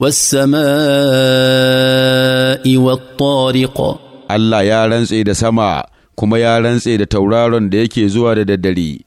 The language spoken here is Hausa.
والسماء والطارق Allah ya rantse da sama kuma ya rantse da tauraron da yake zuwa da daddare